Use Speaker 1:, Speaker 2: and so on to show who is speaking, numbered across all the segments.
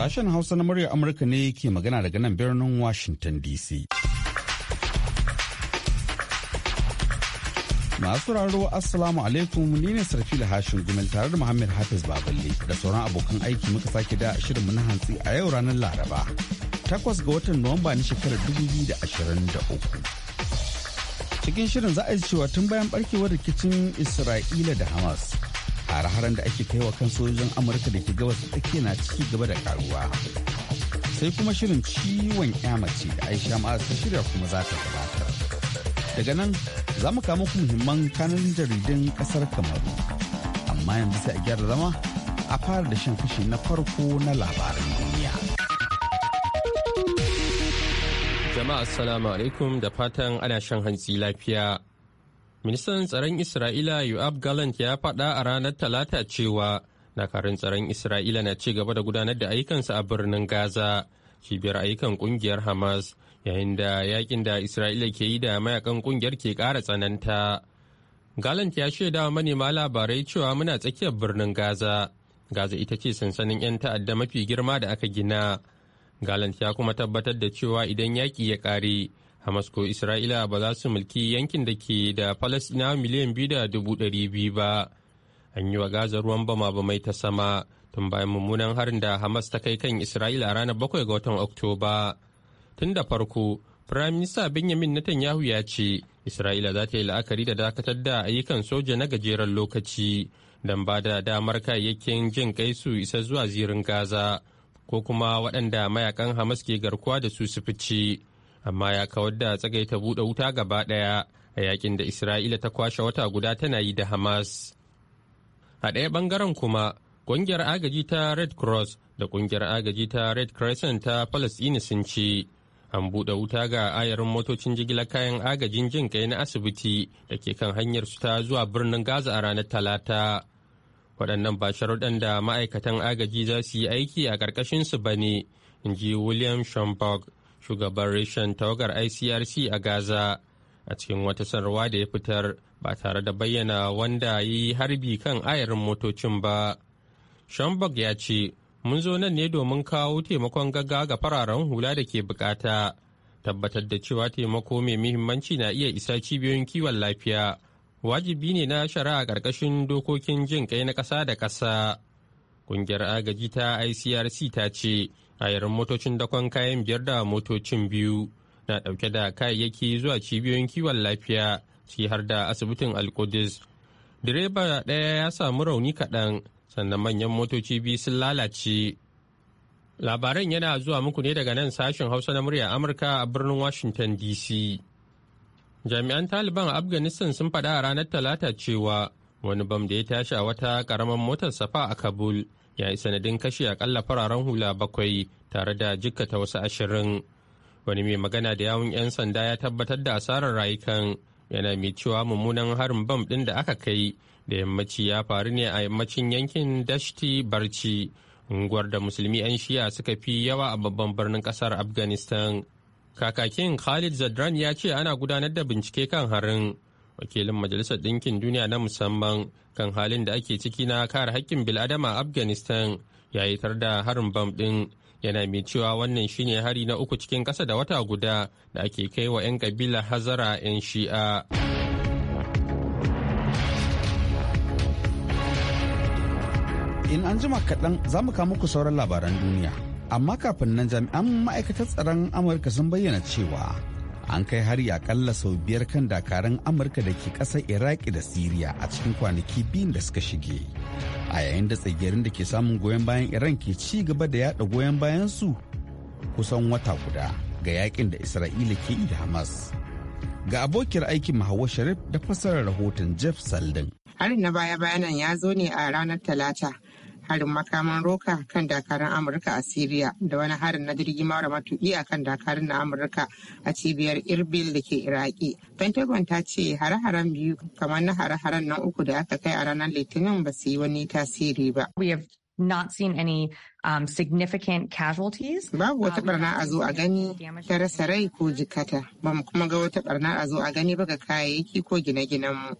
Speaker 1: Sashen Hausa na muryar Amurka ne ke magana daga nan birnin Washington DC. Masu raro Assalamu alaikum ni ne Sarfila Hashin gumin tare da Muhammad Hafiz Baballe da sauran abokan aiki muka sake da shirin mu hantsi a yau ranar Laraba. Takwas ga watan Nuwamba na shekarar 2023. cikin shirin za a yi cewa tun bayan barkewar rikicin isra'ila da hamas hare haren da ake kaiwa kan sojojin amurka da ke gabas take na ciki gaba da karuwa sai kuma shirin ciwon mace da aisha ma'az ta shirya kuma za ta gabatar daga nan za mu kama ku muhimman kanun jaridun kasar kamaru amma yanzu sai a gyara zama a fara da shan kashi na farko na labaran duniya
Speaker 2: jama'a assalamu alaikum da fatan ana shan hantsi lafiya Ministan tsaron Isra'ila yoab Gallant ya faɗa a ranar Talata cewa dakarun tsaron Isra'ila na ci gaba da gudanar da ayyukansa a birnin Gaza, cibiyar ayyukan kungiyar Hamas, yayin da yakin da Isra'ila ke yi da mayakan kungiyar ke kara tsananta. Gallant ya shaida wa manema labarai cewa muna tsakiyar birnin Gaza. Gaza ita ce sansanin 'yan ta'adda mafi girma da aka gina. Gallant ya kuma tabbatar da cewa idan yaƙi ya ƙare, Hamas ko Isra'ila ba za su mulki yankin da ke da Falasɗinawa miliyan biyu da dubu ɗari biyu ba. An yi wa Gaza ruwan bama ba mai ta sama tun bayan mummunan harin da Hamas ta kai kan Isra'ila a ranar bakwai ga watan Oktoba. Tun da farko, Firayim Minista Benjamin Netanyahu ya ce Isra'ila za ta yi la'akari da dakatar da ayyukan soja na gajeren lokaci don ba da damar kayayyakin jin kai su isa zuwa zirin Gaza ko kuma waɗanda mayakan Hamas ke garkuwa da su su fice. amma ya kawar da ta buɗe wuta gaba ɗaya a yakin da Isra'ila ta kwashe wata guda tana yi da Hamas. A ɗaya ɓangaren kuma, ƙungiyar agaji ta Red Cross da ƙungiyar agaji ta Red Crescent ta Palestine sun ce, an buɗe wuta ga ayarin motocin jigilar kayan agajin jin kai na asibiti da ke kan hanyar su ta zuwa birnin Gaza a ranar Talata. Waɗannan ba sharuɗan da ma'aikatan agaji za su yi aiki a ƙarƙashinsu ba ne, in ji William Schomburg, shugaban reshen tawagar icrc a gaza a cikin wata sanarwa da ya fitar ba tare da bayyana wanda yi harbi kan ayarin motocin ba schomburg ya ce mun zo nan ne domin kawo taimakon gaga ga fararen hula da ke bukata tabbatar da cewa taimako mai muhimmanci na iya isa cibiyoyin kiwon lafiya wajibi ne na shari'a ƙarƙashin dokokin jin kai na ƙasa da ƙasa ƙungiyar agaji ta icrc ta ce ayarin motocin dakon kayan biyar da motocin biyu na ɗauke da kayayyaki zuwa cibiyoyin kiwon lafiya ciki har da asibitin alkudis direba ɗaya ya samu rauni kaɗan sannan manyan motoci biyu sun lalace labaran yana zuwa muku ne daga nan sashen hausa na murya amurka a birnin washington dc jami'an taliban a afghanistan sun faɗa a ranar talata cewa wani bam da ya tashi a wata ƙaramin motar safa a kabul ya yi sanadin kashe akalla fararen hula bakwai tare da jikkata wasu ashirin wani mai magana da yawun 'yan sanda ya tabbatar da asarar rayukan yana mai cewa mummunan harin bam ɗin da aka kai da yammaci ya faru ne a yammacin yankin dashti barci unguwar da musulmi 'yan shiya suka fi yawa a babban birnin kasar afghanistan kakakin khalid zadran ya ce ana gudanar da bincike kan harin wakilin majalisar ɗinkin duniya na musamman kan halin da ake ciki na kare haƙƙin biladama a afghanistan ya yi tar da harin bam ɗin yana mai cewa wannan shine hari na uku cikin ƙasa da wata guda da ake kai wa 'yan kabila hazara 'yan shi'a
Speaker 1: in an jima kaɗan za mu kawo muku sauran labaran duniya amma kafin nan jami'an ma'aikatar tsaron amurka sun bayyana cewa an kai hari kalla sau biyar kan dakaran amurka da ke ƙasar iraki da siriya a cikin kwanaki biyun da suka shige a yayin da tsagerin da ke samun goyon bayan iran ke ci gaba da yada goyon bayan su kusan wata guda ga yakin da isra'ila ke yi da hamas ga abokiyar aikin mahawar sharif da fassarar rahoton jeff saldin
Speaker 3: harin na baya-bayanan ya zo ne a ranar talata harin makaman roka kan dakarun amurka a syria da wani harin na jirgin mara matuki a kan dakarun na amurka a cibiyar irbil da ke iraki pentagon ta ce hare-haren biyu kamar na hare-haren na uku da aka kai a ranar litinin ba su yi wani tasiri ba not seen any um, significant casualties. Babu wata um, barna a zo a gani ta rasa rai ko jikata, ba mu kuma ga wata barna a zo a gani ba ga kayayyaki ko gine ginen mu.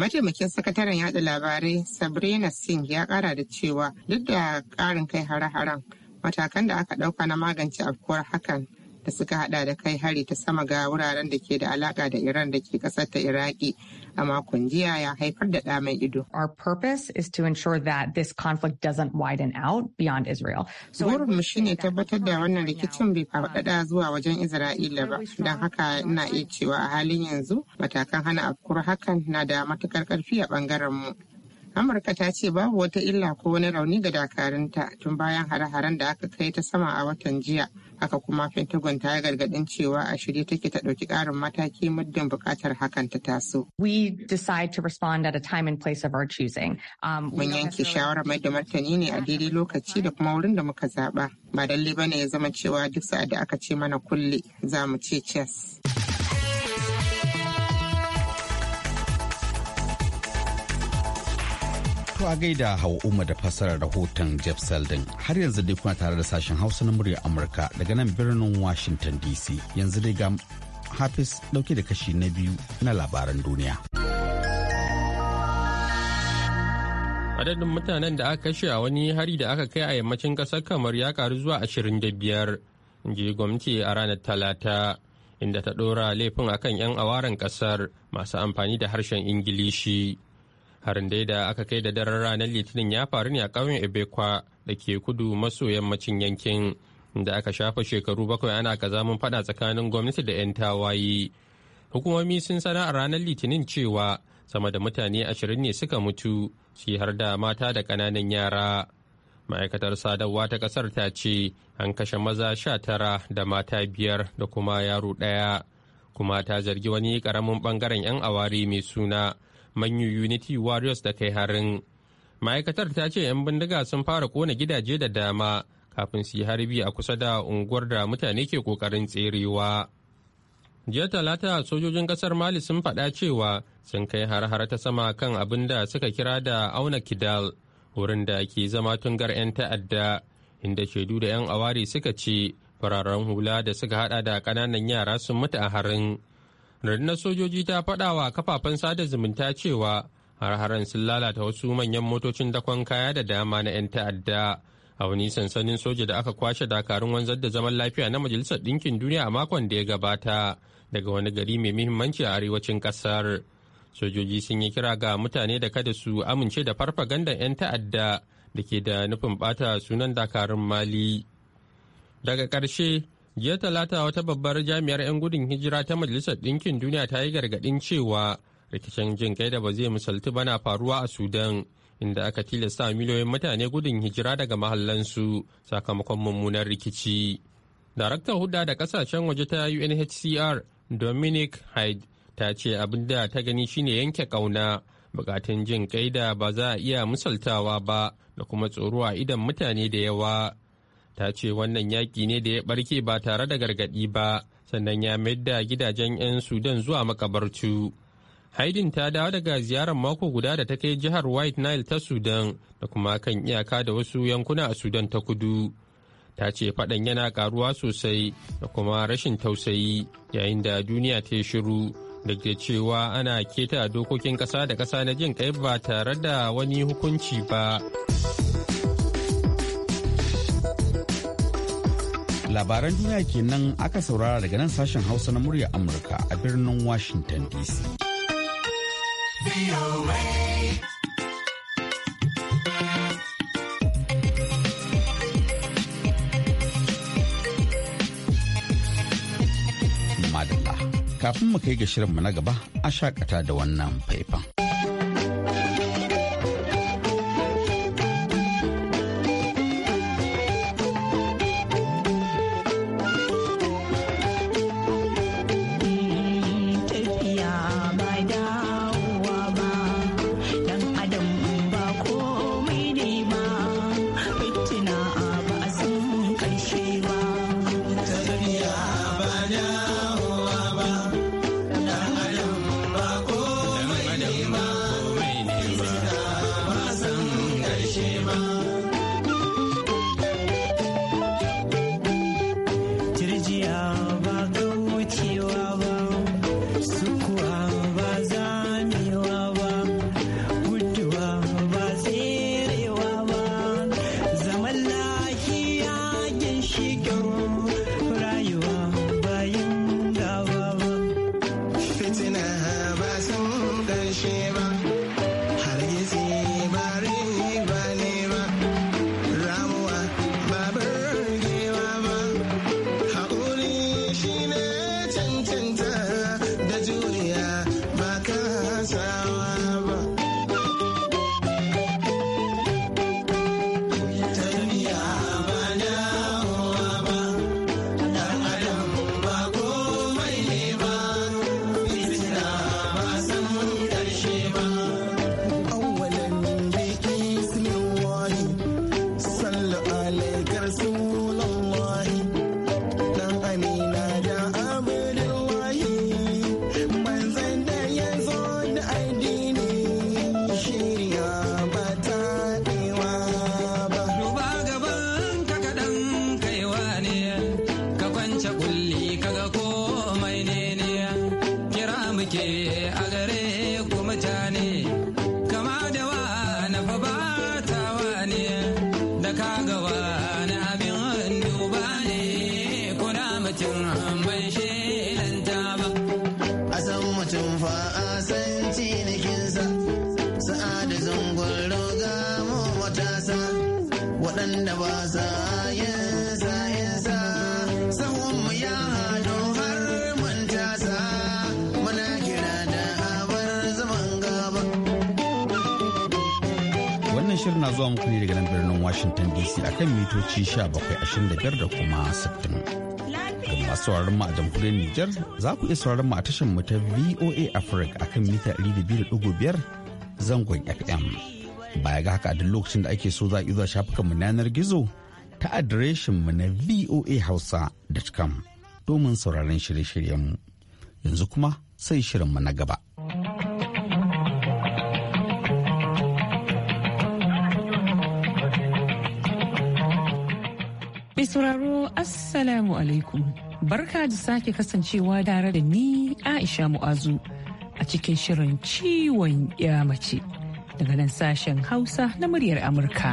Speaker 3: mataimakin sakataren yada labarai sabrina singh ya kara da cewa duk da karin kai hare-haren matakan da aka dauka na magance afkuwar hakan da suka hada da kai hari ta sama ga wuraren da ke da alaka da iran da ke kasar ta iraki a makon jiya ya haifar da ɗa mai ido. Our purpose is to ensure that this conflict doesn't widen out beyond Israel. So Burinmu shi ne tabbatar da wannan rikicin bai faɗaɗa um, zuwa wajen Isra'ila ba. Don haka ina iya cewa a halin yanzu matakan hana afkuwar hakan na da matukar ƙarfi a ɓangaren mu. amurka ta ce babu wata illa ko wani rauni ga dakarunta tun bayan hare-haren da aka kai ta sama a watan jiya haka kuma pentagon ta yi gargadin cewa a shirye take ta ɗauki ƙarin mataki muddin bukatar hakan ta taso. we decide to respond at a time and place of our choosing. Um, mun yanke shawarar mai da martani ne a daidai lokaci da kuma wurin da muka zaɓa ba lalle bane ya zama cewa duk sa'ad da aka ce mana kulle za mu ce chess.
Speaker 1: To a gaida hau Umar da fassarar rahoton Jeff Seldon har yanzu dai kuna tare da sashen Hausa na muryar Amurka daga nan birnin Washington DC yanzu dai ga Hafiz dauke da kashi na biyu na labaran duniya.
Speaker 2: Adadin mutanen da aka kashe a wani hari da aka kai a yammacin ƙasar kamar ya karu zuwa ashirin da biyar, gwamnati a ranar Talata, inda ta ɗora laifin akan 'yan awaren ƙasar masu amfani da harshen Ingilishi. harin dai da aka kai da daren ranar litinin ya faru ne a ƙauyen ebekwa da ke kudu maso yammacin yankin da aka shafa shekaru bakwai ana kazamin fada tsakanin gwamnati da 'yan tawaye hukumomi sun sana a ranar litinin cewa sama da mutane ashirin ne suka mutu shi har da mata da ƙananan yara ma'aikatar sadarwa ta ƙasar ta ce an kashe maza sha tara da mata biyar da kuma yaro ɗaya kuma ta zargi wani ƙaramin ɓangaren 'yan awari mai suna manyu unity warriors da kai harin ma'aikatar ta ce 'yan bindiga sun fara kona gidaje da dama kafin su yi harbi a kusa da unguwar da mutane ke kokarin tserewa jiya talata sojojin kasar mali sun faɗa cewa sun kai har-har ta sama kan abin da suka kira da auna kidal wurin da ke zama tungar 'yan ta'adda inda shaidu da 'yan awari suka ce fararen hula da suka hada da ƙananan yara sun mutu a harin rundunar sojoji ta faɗa wa kafafen sada zumunta cewa har-haren sun lalata wasu manyan motocin dakon kaya da dama na 'yan ta'adda a wani sansanin soja da aka kwashe dakarun wanzar da zaman lafiya na majalisar ɗinkin duniya a makon da ya gabata daga wani gari mai muhimmanci a arewacin ƙasar sojoji sun yi kira ga mutane da kada su amince da farfagandan 'yan ta'adda da ke da nufin ɓata sunan dakarun mali daga ƙarshe jiya talata wata babbar jami'ar 'yan gudun hijira ta majalisar ɗinkin duniya ta yi gargaɗin cewa rikicin jin kai da ba zai misaltu bana faruwa a sudan inda aka tilasta miliyoyin mutane gudun hijira daga mahallansu sakamakon mummunan rikici daraktan hudda da kasashen waje ta unhcr dominic hyde ta ce abin da ta gani shine yanke kauna bukatun jin kai da ba za a iya misaltawa ba da kuma tsoro a idan mutane da yawa ta ce wannan yaƙi ne da ya ɓarke ba tare da gargaɗi ba sannan ya mayar da gidajen 'yan sudan zuwa makabarcu haidin ta dawo daga ziyarar mako guda da ta kai jihar white nile ta sudan da kuma kan iyaka da wasu yankuna a sudan ta kudu ta ce faɗan yana ƙaruwa sosai da kuma rashin tausayi yayin da duniya ta yi shiru da ke cewa ana keta dokokin ƙasa da ƙasa na jin kai ba tare da wani hukunci ba. labaran duniya kenan aka saurara daga nan
Speaker 1: sashen hausa na murya amurka a birnin washington dc madalla kafin mu kai ga shirinmu na gaba a shakata da wannan faifan
Speaker 4: komai ne ne kira muke a
Speaker 1: na zuwa muku ne daga nan birnin Washington DC akan mitoci 1725 da kuma 60. Ga masu sauraron mu a jamhuriyar Nijar za ku iya sauraron mu a tashar mu ta VOA Africa akan mita 200.5 zangon FM. Baya ga haka a duk lokacin da ake so za a iya shafukan mu yanar gizo ta adireshin mu na voahausa.com domin sauraron shirye-shiryen mu. Yanzu kuma sai shirin mu na gaba.
Speaker 4: sauraro Assalamu alaikum. Barka da sake kasancewa tare da ni Aisha Mu'azu a cikin shirin ciwon ya mace daga nan sashen Hausa na muryar Amurka.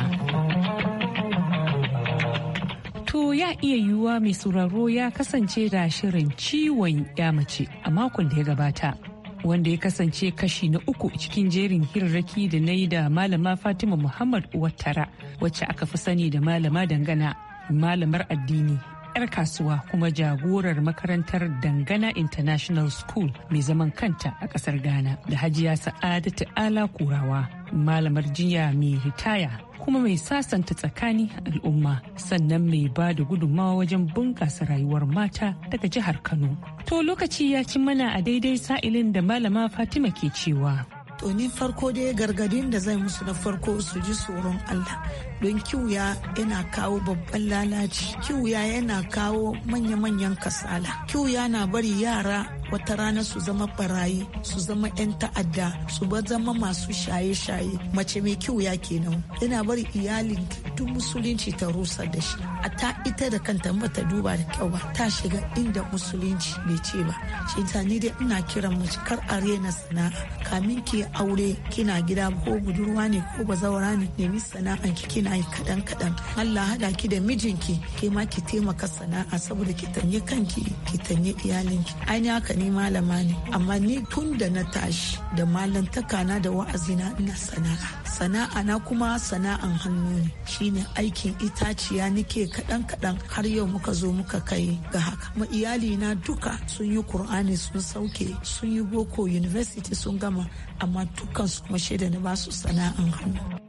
Speaker 4: To ya iya yiwuwa mai sauraro ya kasance da shirin ciwon ya mace a makon da ya gabata. Wanda ya kasance kashi na uku cikin jerin hirarraki da na yi da malama Fatima Muhammad Uwattara wacce aka fi sani da malama dangana malamar addini 'yar kasuwa kuma jagorar makarantar dangana international school mai zaman kanta a kasar ghana da hajiya sa'adatu ala kurawa malamar jinya mai ritaya kuma mai sasanta tsakani al'umma sannan mai ba da gudummawa wajen bunkasa rayuwar mata daga jihar kano to lokaci ya ci mana a daidai sa'ilin da malama fatima ke cewa to ni farko
Speaker 5: dai gargadin da zai musu na farko su ji tsoron Allah don kiwuya yana kawo babban lalaci kiwuya yana kawo manya-manyan kasala kiwuya na bari yara wata rana su zama barayi su zama 'yan ta'adda su ba zama masu shaye-shaye mace mai kiwuya kenan yana bari iyalin duk musulunci ta rusa da shi a ta ita da kanta bata duba da kyau ba ta shiga inda musulunci bai ce ba shi ta ni dai ina kiran mace kar a rena sana'a kamin ki aure kina gida ko budurwa ne ko bazawara ne nemi sana'a kina ana yi kaɗan kaɗan Allah haɗa ki da mijinki ke ma ki taimaka sana'a saboda ki tanye kanki ki tanye iyalinki ainihin haka ni malama ne amma ni tun da na tashi da malantaka na da wa'azina ina sana'a sana'a na kuma sana'an hannu ne shine aikin itaciya nike kaɗan kaɗan har yau muka zo muka kai ga haka ma iyali na duka sun yi kur'ani sun sauke sun yi boko university sun gama amma dukansu kuma
Speaker 4: shaida na basu sana'an hannu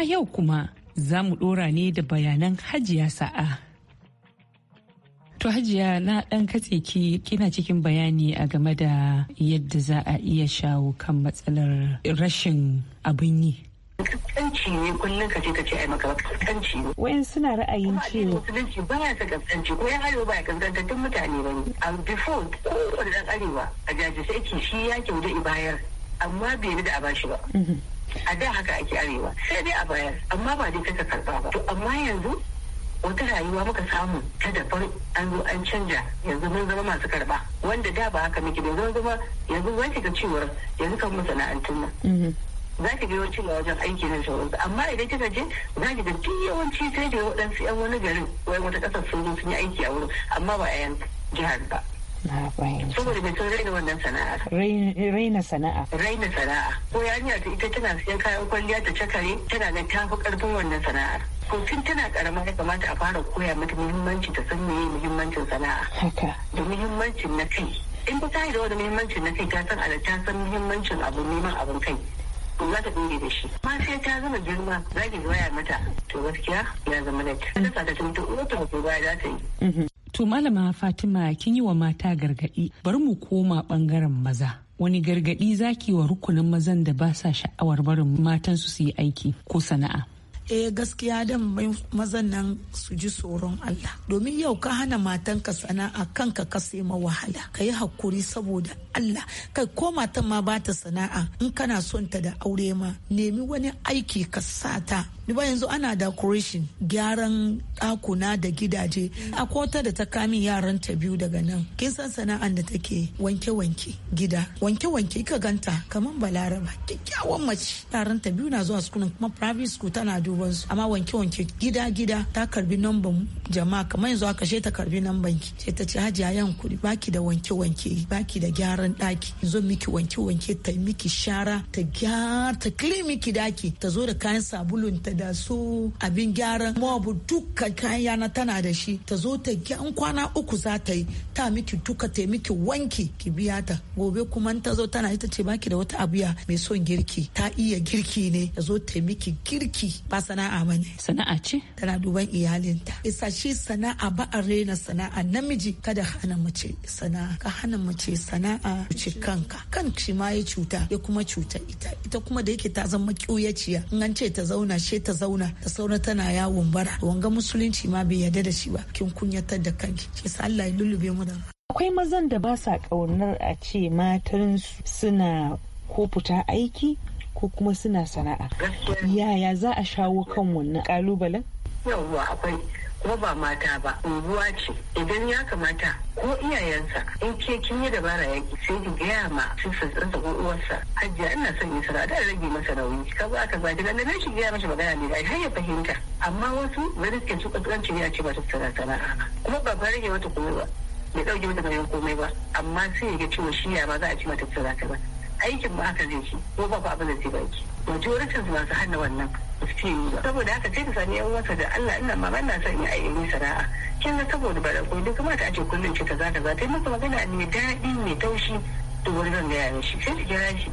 Speaker 4: a yau kuma za mu dora ne da bayanan hajiya sa'a. To hajiya na ɗan katse ki kina cikin bayani a game da yadda za a iya shawo kan matsalar rashin abin yi.
Speaker 6: kaskanci ne kullum ka ce ka ce ai maka kaskanci ne. Wayan
Speaker 4: suna ra'ayin cewa.
Speaker 6: Musulunci ba ya ta kaskanci ko ya hayo ba ya kaskantattun mutane ba ne. A before kowane ɗan arewa a jajirce yake shi yakin da ibayar amma bai da a bashi ba. Mhm. a da haka ake arewa sai dai a bayar amma ba dai kaka karba ba to amma yanzu wata rayuwa muka samu ta daban an zo an canja yanzu mun zama masu karba wanda da ba haka muke yanzu zama yanzu za ki ga cewar yanzu kan masana'antun nan mhm. za ki ga yawanci ga wajen aiki na sauransu amma idan kika je za ki ga duk yawanci sai da waɗansu 'yan wani garin wai wata ƙasar sun zo sun yi aiki a wurin amma ba a yan jihar ba
Speaker 4: Na fahimta.
Speaker 6: Saboda bai san raina wannan sana'a.
Speaker 4: Raina sana'a.
Speaker 6: Raina sana'a. Ko yarinya ta ita tana siyan kayan kwalliya ta cakare tana nan ta fi wannan sana'ar. kotun tun tana karama ya kamata a fara koya mata muhimmanci ta san meye muhimmancin sana'a haka. da muhimmancin na kai in ba ta yi da wani muhimmancin na kai ta san ala ta san muhimmancin abu neman abin kai to za ta dore da shi ma sai ta zama girma za ki waya mata to gaskiya ya zama net ta sa ta tumta uwa ta ko ba za ta yi
Speaker 4: mhm. to malama fatima kin yi wa mata gargadi bari mu koma bangaren maza wani gargadi zaki wa rukunin mazan da ba sa sha'awar barin matansu su yi aiki ko sana'a
Speaker 5: eh gaskiya dan mazan nan su ji tsoron Allah domin yau ka hana matanka sana'a kanka ka sai ma wahala ka yi hakuri saboda Allah kai ko matan ma ba ta sana'a in kana son ta da aure ma nemi wani aiki ka sata ba yanzu ana da decoration gyaran ɗakuna da gidaje a kota da ta kami yaran ta biyu daga nan kin san sana'an da take wanke-wanke gida wanke-wanke ka ganta kamar balaraba kyakkyawan mace yaran ta biyu na zuwa sukunan kuma private school tana duban su amma wanke-wanke gida-gida ta karbi namban jama'a kamar yanzu aka ta karbi number ki sai ta ce hajiya yan kuɗi baki da wanke-wanke baki da gyaran ɗaki zo miki wanke-wanke ta miki shara ta gyara ta miki daki ta zo da kayan sabulun ta da su abin gyaran mob duka kayana yana tana da shi ta zo ta gyan kwana uku za ta yi ta miki duka ta miki wanki ki biya ta gobe kuma ta zo tana ita ce baki da wata abuya mai son girki ta iya girki ne ta zo ta miki girki ba sana'a ba ne sana'a ce tana duban iyalinta isa shi sana'a ba a rena sana'a namiji kada hana mace sana'a ka hana mace sana'a ci kanka kan shi ma ya cuta ya kuma cuta ita ita kuma da yake ta zama kyuyaciya in an ce ta zauna she ta ta zauna ta sauna tana yawon bara wanga musulunci ma bai yarda da shi ba kin kunyatar da kanki ke sa Allah ya lullube mu da
Speaker 4: akwai mazan da ba sa kaunar a ce matan suna ko fita aiki ko kuma suna sana'a yaya za a shawo kan wannan kalubalen
Speaker 6: yawwa akwai kuma ba mata ba unguwa ce idan ya kamata ko iyayensa in ke kin yi dabara ya ki sai ki gaya ma sun sassan ko uwarsa hajjiya ina son yin sana'a da rage masa nauyi ka ba ka ba daga nan shi gaya masa magana ne dai har ya fahimta amma wasu bari ke su kasance ne a ce ba su sana'a kuma ba ba rage mata komai ba bai ɗauke mata nauyin komai ba amma sai ya ga cewa shi ya ba za a ci mata sana'a ba aikin ba haka zai ci ko ba ba abin da zai baki majoritin su masu hana wannan saboda haka sai ka sani yan wata da Allah ina ma bana na son ya yi sana'a kin ga saboda bara ko duk kamata a ce kullum ce za kaza sai maka magana ne daɗi mai taushi to wani zan gaya mishi sai ki kira shi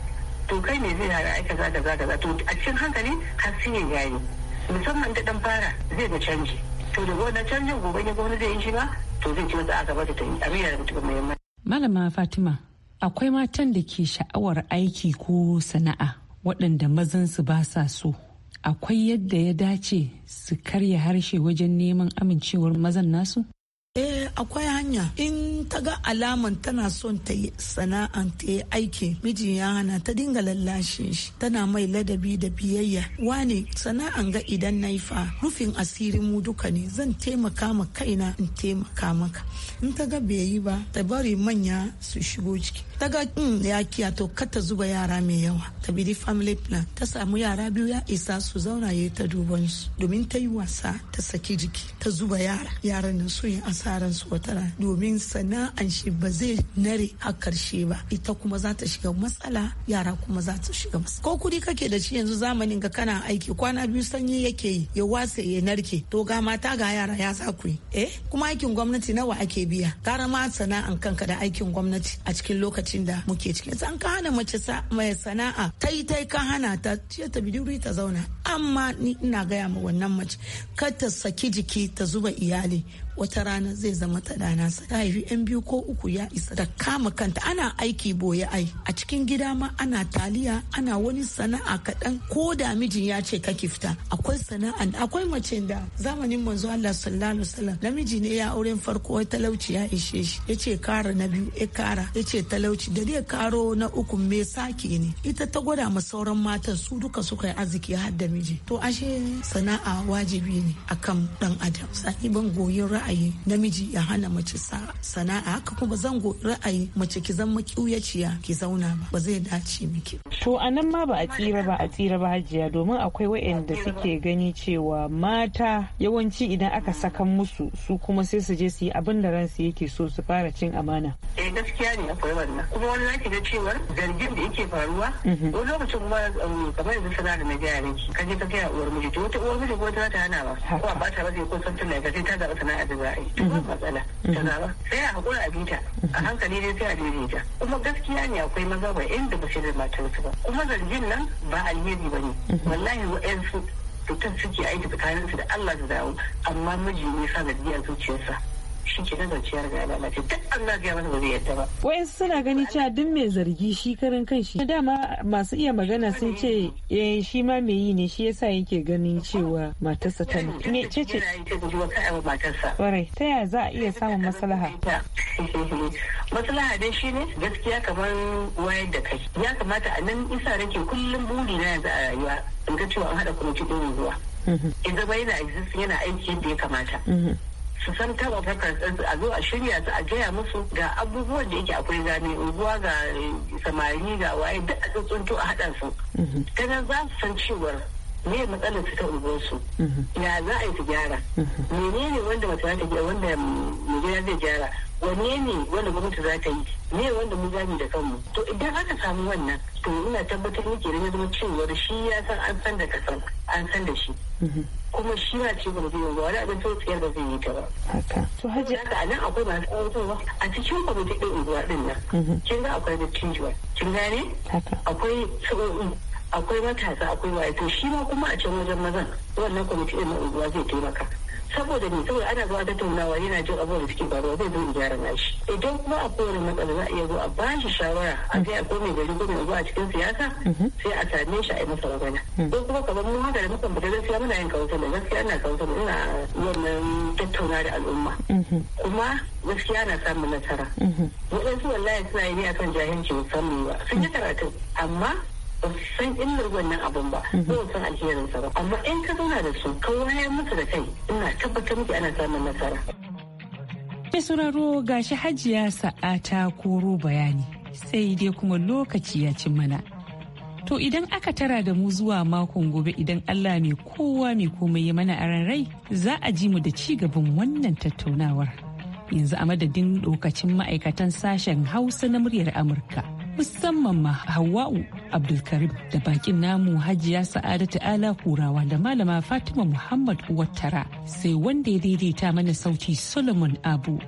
Speaker 6: to kai ne zai hana aika kaza kaza kaza to a cikin hankali har sai ya gane musamman da dan fara zai ga canji to da wannan canjin gobe ne gwamnati zai yi shi ba to zai ci wata aka bata ta yi abin da mutum muhimmanci.
Speaker 4: Malama Fatima akwai matan da ke sha'awar aiki ko sana'a waɗanda mazansu ba sa so akwai yadda ya dace su karya harshe wajen neman amincewar mazan nasu? eh akwai hanya in ta ga alaman
Speaker 5: tana son ta yi sana'an ta yi aiki mijin ya hana ta dinga lallashin shi tana mai ladabi da biyayya Wani sana'an ga idan na yi fa rufin asirin mu duka ne zan taimaka ma kaina in taimaka maka in ta ga bai yi ba ta bari manya su shigo ciki ta ga in hmm, ya kiya to kata zuba yara mai yawa ta bidi family plan ta samu yara biyu ya isa su zauna ya ta duban su domin ta yi wasa ta saki jiki ta zuba yara yaran nan su yi asa sa su wata ran domin sana'an shi ba zai nare a karshe ba ita kuma za ta shiga matsala yara kuma za ta shiga matsala ko kudi kake da shi yanzu zamanin ga kana aiki kwana biyu sanyi yake yi ya wasa ya narke to ga mata ga yara ya za ku yi eh kuma aikin gwamnati nawa ake biya gara ma sana'an kanka da aikin gwamnati a cikin lokacin da muke cikin san ka hana mace mai sana'a ta yi ta ka hana ta ce ta biduri ta zauna amma ni ina gaya ma wannan mace ka ta saki jiki ta zuba iyali wata rana zai zama ta dana sa ta haifi yan biyu ko uku ya isa da kama kanta ana aiki boye ai a cikin gida ma ana taliya ana wani sana'a kaɗan ko da mijin ya ce ka fita akwai sana'a akwai mace da zamanin manzo Allah sallallahu alaihi wasallam namiji ne ya auren farko wai talauci ya ishe shi yace kara na biyu ya kara yace talauci da zai karo na uku me saki ne ita ta gwada ma sauran matan su duka suka yi arziki har da miji to ashe sana'a wajibi ne akan dan adam sai ban goyon ra'ayi ra'ayi namiji ya hana mace sana'a haka kuma zan go ra'ayi mace ki zama kiuyaciya ki zauna ba ba zai dace miki
Speaker 4: to anan ma ba a tsira ba a tsira ba hajiya domin akwai waɗanda suke gani cewa mata yawanci idan aka sakan musu su kuma sai su je su yi abin da ransu yake so su fara cin amana eh
Speaker 6: gaskiya ne akwai wannan kuma wani zaki ga cewa zargin da yake faruwa mhm. wani lokacin kuma um, kamar yanzu sana'a da na gaya miki kaje ka kai uwar miji to wata uwar miji ko ta hana ba ko ba ta ba zai ko san ga sai ta zaba sana'a za mhm. a matsala ta mhm. sai a haƙura a bita a hankali dai sai a daidaita kuma gaskiya ne akwai maza ba inda ba shi da matarsu ba kuma zargin nan ba alheri ba ne mhm. wallahi wa'yansu fitan suke aiki tsakaninsu da Allah da dawo amma miji ne sa zargi a zuciyarsa shi ciyar duk ba zai yadda
Speaker 4: ba suna gani cewa duk mai zargi shi karin shi. dama masu iya magana sun ce eh shi ma mai yi ne shi yasa yake ganin cewa matarsa ta ne me ce ce kwarai ta yaya za a iya samun maslaha
Speaker 6: maslaha dai shi ne gaskiya kamar wayar da kai ya kamata a nan isa rake kullum buri na yanzu a rayuwa in ga cewa an haɗa kuma cikin ruwa in mhm. zama yana aiki yadda ya kamata mhm. su san taba ɗinsu a zo a shirya su a gaya musu ga abubuwan da yake akwai zane unguwa ga eh, samari ga waye duk a tsuntsunto a haɗa su kana mhm. za su san cewar me matsalar su ta unguwarsu mhm. ya za a yi su gyara mhm. menene wanda mace ta wanda mu mm, zai gyara wanne ne wanda gwamnati za ta yi ne wanda mu zamu da kanmu to idan aka samu wannan to ina tabbatar muke da zama cewar shi ya san an san da kasan an san da shi mhm. kuma shi ma ce ba zai yanzu wani abin tsayar ba zai yi ta ba. To haji Haka a nan akwai masu ba. a cikin kwamiti ɗin unguwa ɗin nan. Mhm. Kin ga akwai dattijuwa. Kin gane? Akwai sa'o'i akwai matasa akwai waye to shi ma kuma a can wajen mazan wannan kwamiti ɗin na unguwa zai taimaka. saboda ne saboda ana zuwa tattaunawa yana jin abubuwan da suke faruwa zai zo in gyara nashi idan kuma a kowane matsala za a iya zo a ba shawara a sai a kome gari gudun zuwa cikin siyasa mhm. sai a same shi a yi masa magana don mhm. kuma kamar mun haka da mukan fita gaskiya muna yin kawusa da gaskiya na kawusa da ina wannan tattauna da al'umma mhm. kuma gaskiya na samun nasara waɗansu wallahi suna yi ne akan jahilci musamman ba sun yi karatu amma ba su san illar wannan abun ba mhm. ba su san alherinsa ba amma in ka zauna da su ka wayar musu da kai ina tabbatar miki ana samun nasara.
Speaker 4: Mai sauraro gashi hajiya sa'a ta koro bayani sai dai kuma lokaci ya ci mana. To idan aka tara da mu zuwa makon gobe idan Allah mai kowa mai komai ya mana aran rai za a ji mu da ci gaban wannan tattaunawar. Yanzu a madadin lokacin ma'aikatan sashen Hausa na muryar Amurka. musamman ma Hawwa'u Abdulkarim da bakin namu Hajiya Sa'adatu Ala Kurawa da Malama Fatima Muhammad Uwattara sai wanda ya daidaita mana sauti Solomon Abu.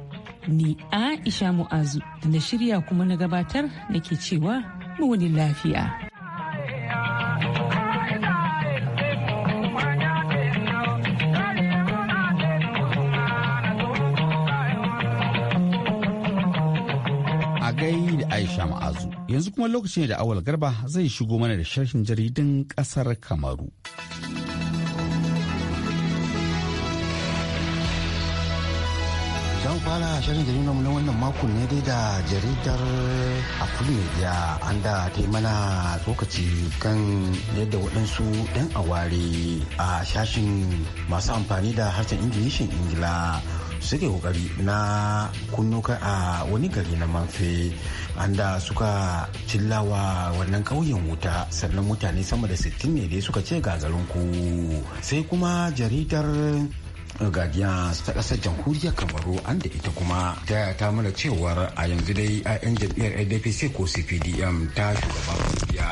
Speaker 4: Ni Aisha Mu'azu da na shirya kuma na gabatar nake cewa mu wani lafiya.
Speaker 1: gai da Aisha Ma'azu. Yanzu kuma lokaci ne da awal garba zai shigo mana da sharhin jaridin kasar Kamaru. zan fara shirin jaridar mu na wannan makon ne dai da
Speaker 7: jaridar afirmedia an da ta mana lokaci kan yadda waɗansu ɗan aware a shashin masu amfani da harshen ingilishin ingila suke kokari na kunno a wani gari na manfe anda suka cillawa wannan ƙauyen wuta sannan mutane sama da 60 ne dai suka ce ku sai kuma jaridar uh, guardian ta kasar jamhuriyar kamaru an da ita kuma ta ta mana cewar a yanzu dai A 'ya'yan jam'iyyar ldpc ko cpdm ta shugaban kungiya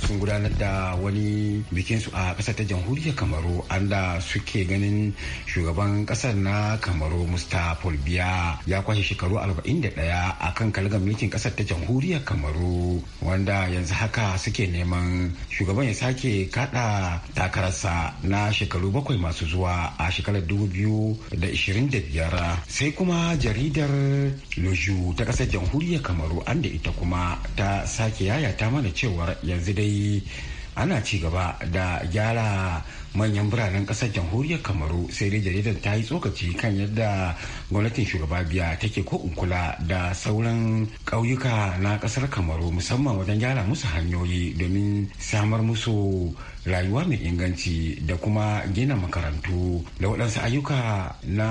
Speaker 7: sun gudanar da wani bikinsu a kasar ta jamhuriyar kamaru an da suke ganin shugaban kasar na kamaru musta biya ya kwashe shekaru 41 a kan kalgan mulkin ƙasar ta jamhuriyar kamaru wanda yanzu haka suke neman shugaban ya sake kada takararsa na shekaru bakwai masu zuwa a shekarar 2025 sai kuma jaridar loju ta ƙasar jamhuriyar kamaru an da ita kuma ta sake yaya ta mana cewar yanzu dai dai ana ci gaba da gyara manyan biranen kasar jamhuriyar kamaru sai dai jaridar ta yi tsokaci kan yadda gwamnatin shugaba biya take ko kula da sauran ƙauyuka na kasar kamaru musamman wajen gyara musu hanyoyi domin samar musu rayuwa mai inganci da kuma gina makarantu da waɗansu ayyuka na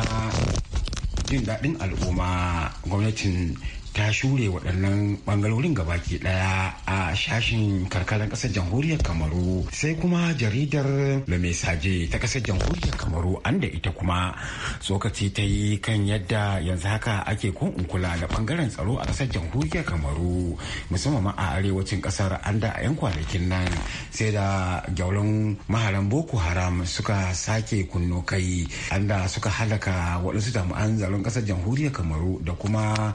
Speaker 7: jin daɗin al'umma gwamnatin ta shure waɗannan bangarorin gabaki ɗaya a shashin karkarar ƙasar jamhuriyar kamaru sai kuma jaridar lamesaje ta ƙasar jamhuriyar kamaru an da ita kuma tsokaci ta yi kan yadda yanzu haka ake kun kula da bangaren tsaro a ƙasar jamhuriyar kamaru musamman a arewacin ƙasar an da 'yan kwanakin nan sai da gyaulan maharan boko haram suka sake kunno kai an da suka halaka waɗansu jami'an tsaron ƙasar jamhuriyar kamaru da kuma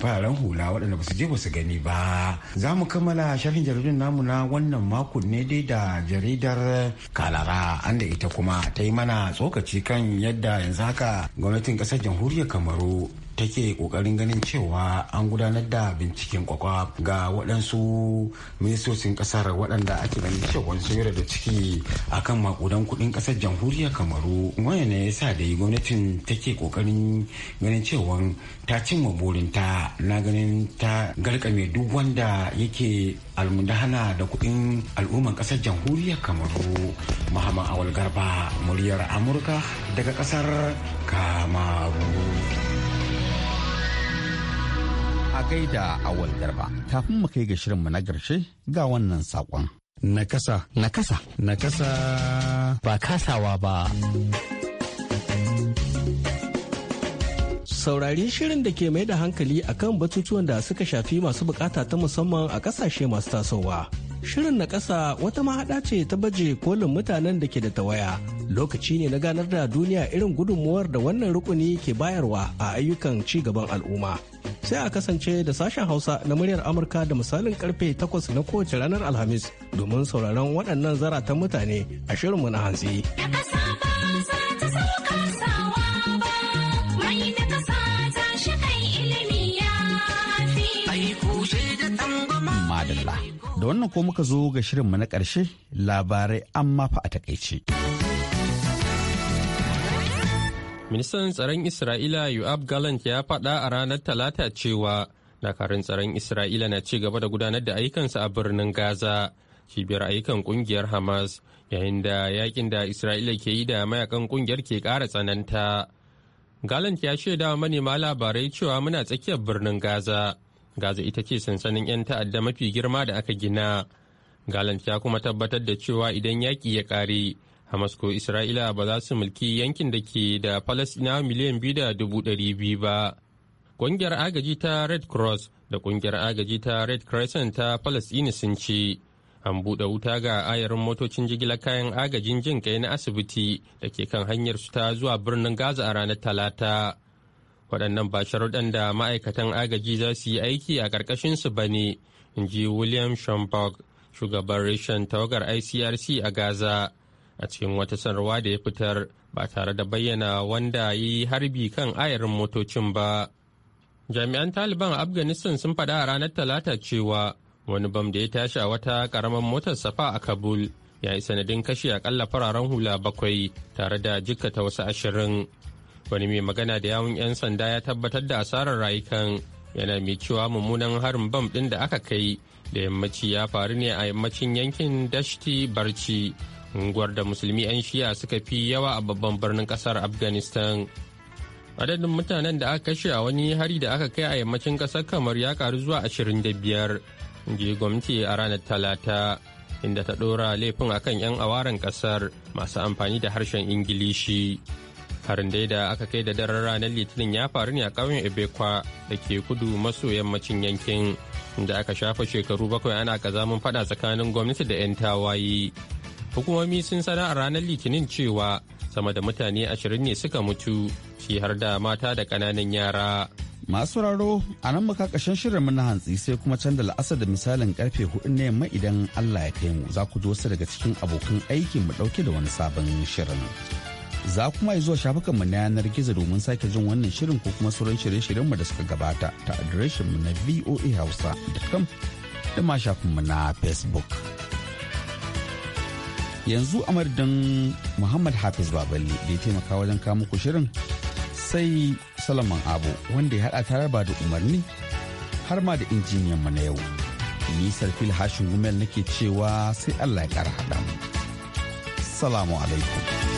Speaker 7: fararen hula waɗanda basu je basu gani ba za mu kammala shafin jaridun namu na wannan makon ne dai da jaridar kalara anda ita kuma ta yi mana tsokaci kan yadda yanzu haka gwamnatin ƙasar jamhuriyar kamaru take kokarin ganin cewa an gudanar da binciken kwakwa ga waɗansu ministocin ƙasar waɗanda ake ganin cewa sun da ciki akan maƙudan kuɗin ƙasar jamhuriyar kamaru wani ne ya sa da gwamnatin take kokarin ganin cewa ta cimma burinta na ganin ta garkame duk wanda yake almudahana da kuɗin al'umman ƙasar jamhuriyar kamaru muhammad awal garba muryar amurka daga ƙasar kamaru.
Speaker 1: A gaida awal garba. Kafin mu kai ga shirinmu na ƙarshe ga wannan saƙon. Nakasa. Nakasa. Nakasa. Ba kasawa ba. saurari shirin da ke mai da hankali akan batutuwan da suka shafi masu bukata ta musamman a kasashe masu tasowa. Shirin na ƙasa wata mahaɗa ce ta baje kolin mutanen da ke da tawaya. Lokaci ne na ganar da duniya irin gudunmuwar da wannan rukuni ke bayarwa a ayyukan ci gaban al'umma. sai a kasance da sashen Hausa na muryar Amurka da misalin karfe 8 na kowace ranar Alhamis domin sauraron waɗannan zaratan mutane a shirin mu na hantsi. da wannan ko muka zo ga shirin mu na ƙarshe labarai amma fa a takaice.
Speaker 2: Ministan tsaron Isra'ila yoab Gallant ya faɗa a ranar Talata cewa dakarun tsaron Isra'ila na ci gaba da gudanar da ayyukansa a birnin Gaza, cibiyar ayyukan kungiyar Hamas, yayin da yakin da Isra'ila ke yi da mayakan kungiyar ke ƙara tsananta. Gallant ya shaida manema labarai cewa muna tsakiyar birnin Gaza. Gaza ita ce sansanin 'yan ta'adda mafi girma da aka gina. Gallant ya kuma tabbatar da cewa idan yaƙi ya ƙare, Hamas ko Isra'ila ba za su mulki yankin da ke da Falasɗinawa miliyan biyu da dubu ɗari biyu ba. Ƙungiyar agaji ta Red Cross da ƙungiyar agaji ta Red Crescent ta Falasɗini sun ce an buɗe wuta ga ayarin motocin jigilar kayan agajin jin kai na asibiti da ke kan hanyar su ta zuwa birnin Gaza a ranar Talata. Waɗannan ba sharuɗan da ma'aikatan agaji za su yi aiki a ƙarƙashinsu ba ne, in ji William Schomburg, shugaban reshen tawagar ICRC a Gaza. a cikin wata sanarwa da ya fitar ba tare da bayyana wanda yi harbi kan ayarin motocin ba jami'an taliban a afghanistan sun faɗa a ranar talata cewa wani bam da ya tashi a wata ƙaramar motar safa a kabul ya yi sanadin kashe akalla fararen hula bakwai tare da jikkata wasu ashirin wani mai magana da yawun 'yan sanda ya tabbatar da asarar rayukan yana mai cewa mummunan harin bam ɗin da aka kai da yammaci ya faru ne a yammacin yankin dashti barci unguwar da musulmi 'yan shiya suka fi yawa a babban birnin kasar afghanistan adadin mutanen da aka kashe a wani hari da aka kai a yammacin kasar kamar ya karu zuwa 25 je gwamnati a ranar talata inda ta ɗora laifin akan 'yan awaren kasar masu amfani da harshen ingilishi harin dai da aka kai da daren ranar litinin ya faru ne a ƙauyen ebekwa da ke kudu maso yammacin yankin da aka shafa shekaru bakwai ana ƙazamin faɗa tsakanin gwamnati da 'yan tawaye hukumomi sun sana a ranar litinin cewa sama da mutane ashirin ne suka mutu shi har da mata da kananan yara
Speaker 1: masu raro a nan muka ƙashin shirin na hantsi sai kuma canza da la'asar da misalin karfe hudu na yamma idan allah ya kai mu za ku ji wasu daga cikin abokan aikin mu ɗauke da wani sabon shirin za kuma yi zuwa shafukanmu na yanar gizo domin sake jin wannan shirin ko kuma sauran shirye-shiryenmu da suka gabata ta adireshinmu na voa hausa kam da ma shafinmu na facebook yanzu a madadin muhammad hafiz baballe da ya taimaka wajen kawo muku shirin sai salaman abu wanda ya haɗa tare ba da umarni har ma da injiniyan mu na yau ni sarfil hashin gumel nake cewa sai allah ya ƙara haɗa mu salamu alaikum